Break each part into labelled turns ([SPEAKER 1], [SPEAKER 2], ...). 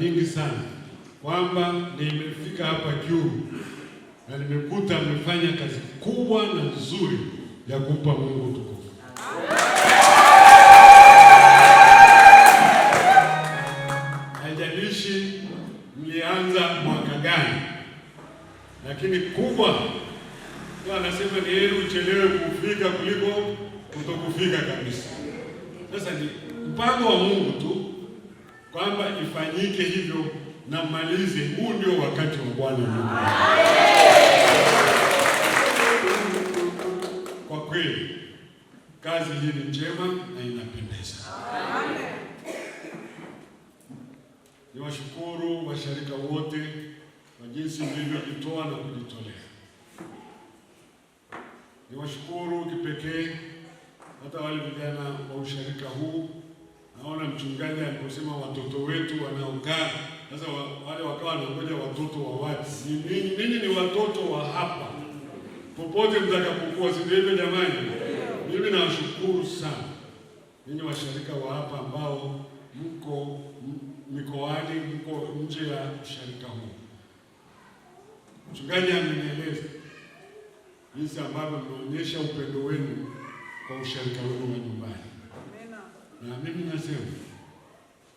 [SPEAKER 1] nyingi sana kwamba nimefika hapa juu na nimekuta amefanya kazi kubwa na nzuri ya kumpa Mungu tukufu. Haijalishi mlianza mwaka gani, lakini kubwa anasema ni heri uchelewe kufika kuliko kutokufika kabisa. Sasa ni mpango wa Mungu tu kwamba ifanyike hivyo na mmalize. Huu ndio wakati wa Bwana. Kwa kweli kazi hii ni njema na inapendeza. Niwashukuru washirika wote kwa jinsi mlivyojitoa na kujitolea. Niwashukuru kipekee hata wale vijana wa ushirika huu naona mchungaji aliposema watoto wetu wanaoga sasa, wale wakawa wanangoja watoto wa wapi? Ninyi ni watoto wa hapa popote mtakapokuwa, si jamani? Mimi nawashukuru sana ninyi washirika wa hapa ambao mko mikoani, mko nje ya ushirika huu. Mchungaji amenieleza jinsi ambavyo mnaonyesha upendo wenu kwa ushirika wenu wa nyumbani. Na mimi nasema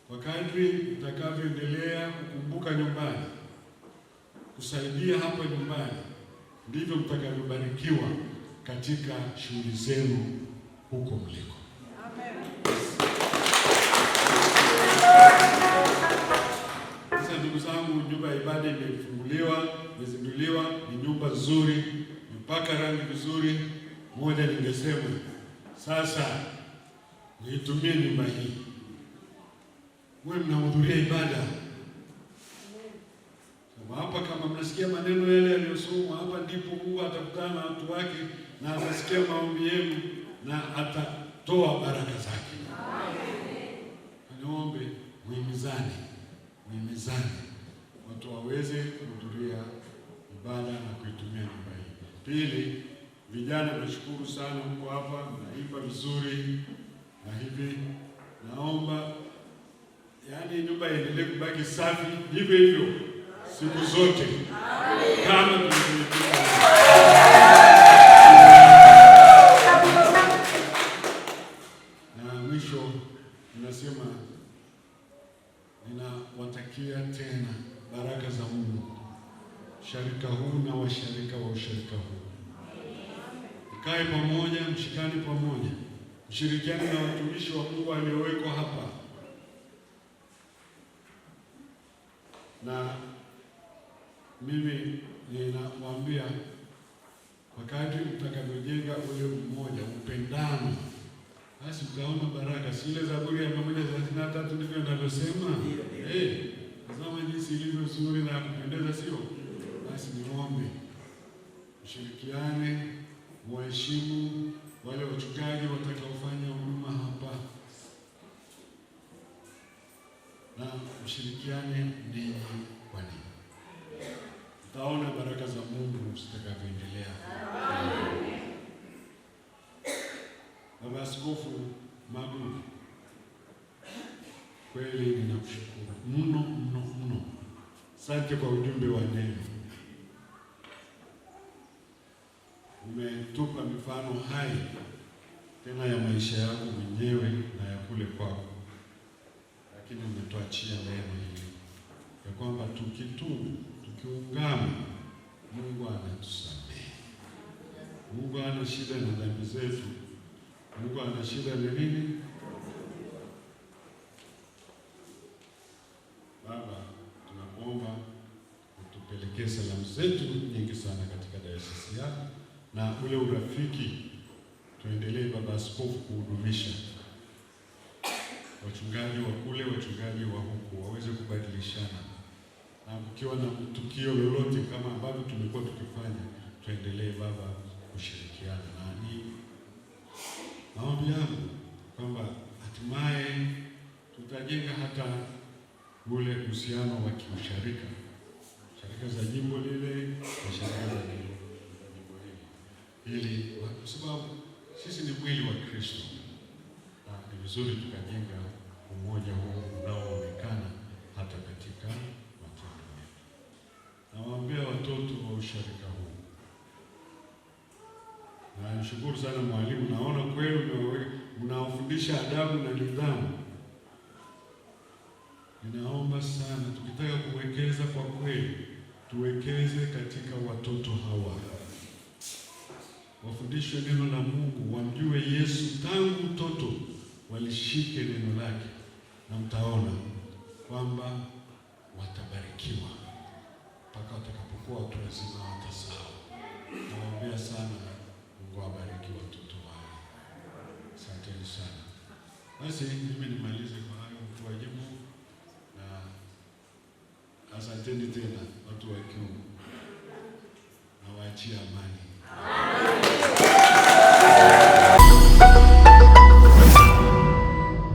[SPEAKER 1] kwa kadri mtakavyoendelea kukumbuka nyumbani, kusaidia hapa nyumbani, ndivyo mtakavyobarikiwa katika shughuli zenu huko mliko. Sasa ndugu zangu, nyumba ya ibada imefunguliwa, imezinduliwa, ni nyumba nzuri, mpaka rangi vizuri. Moja ningesema sasa nitumie nyumba hii. Wewe mnahudhuria ibada hapa, kama mnasikia maneno yale yaliyosomwa hapa, ndipo huwa atakutana na watu wake na atasikia maombi yenu na atatoa baraka zake. Niombe muhimizane, muhimizane watu waweze kuhudhuria ibada na kuitumia nyumba hii. Pili, vijana, nashukuru sana mko hapa, mnaimba vizuri na hivi naomba yaani nyumba iendelee kubaki safi hivyo hivyo siku zote kama na mwisho ninasema ninawatakia tena baraka za Mungu sharika huu na washirika wa ushirika huu, mkae pamoja, mshikani pamoja Shirikiani na watumishi wa Mungu waliowekwa hapa na mimi ninawaambia wakati kadri mtakavyojenga ule mmoja upendano, basi utaona baraka. Si ile Zaburi ya mia moja thelathini na tatu ndivyo inavyosema, eh, tazama jinsi ilivyo zuri na kupendeza, sio? Basi niombe mshirikiane, mheshimu wale wachungaji watakaofanya huduma hapa, na ushirikiane ninyi kwa ninyi, utaona baraka za Mungu zitakavyoendelea. Baba Askofu Magu, kweli ninakushukuru mno mno mno, asante kwa ujumbe wa neno mfano hai tena ya maisha yangu mwenyewe na ya kule kwako, lakini umetuachia neno hili ya kwamba tukitubu, tukiungama, Mungu anatusamehe. Mungu ana shida na dhambi zetu. Mungu ana shida na nini? Baba, tunakuomba utupelekee salamu zetu nyingi sana katika dayosisi yako na ule urafiki tuendelee, baba askofu, kuhudumisha wachungaji wa kule, wachungaji wa huku waweze kubadilishana, na kukiwa na tukio lolote kama ambavyo tumekuwa tukifanya, tuendelee baba kushirikiana. Na ni maombi yangu kwamba hatimaye tutajenga hata ule uhusiano wa kiusharika, sharika za jimbo kwa sababu sisi ni mwili wa Kristo, na ni vizuri tukajenga umoja huu unaoonekana hata katika matendo yetu. Nawaambia watoto wa usharika huu, na sana mwalimu, naona kweli mnawafundisha adabu na nidhamu. Ninaomba sana, tukitaka kuwekeza kwa kweli, tuwekeze katika watoto hawa wafundishwe neno la Mungu, wamjue Yesu tangu utoto, walishike neno lake, na mtaona kwamba watabarikiwa mpaka watakapokuwa watu wazima, watasahau. Nawaombea sana, Mungu awabariki watoto wao. Asanteni sana. Basi mimi nimalize kwa hayo mtuwajibu, na asanteni tena watu wa Kyungu, nawaachia amani.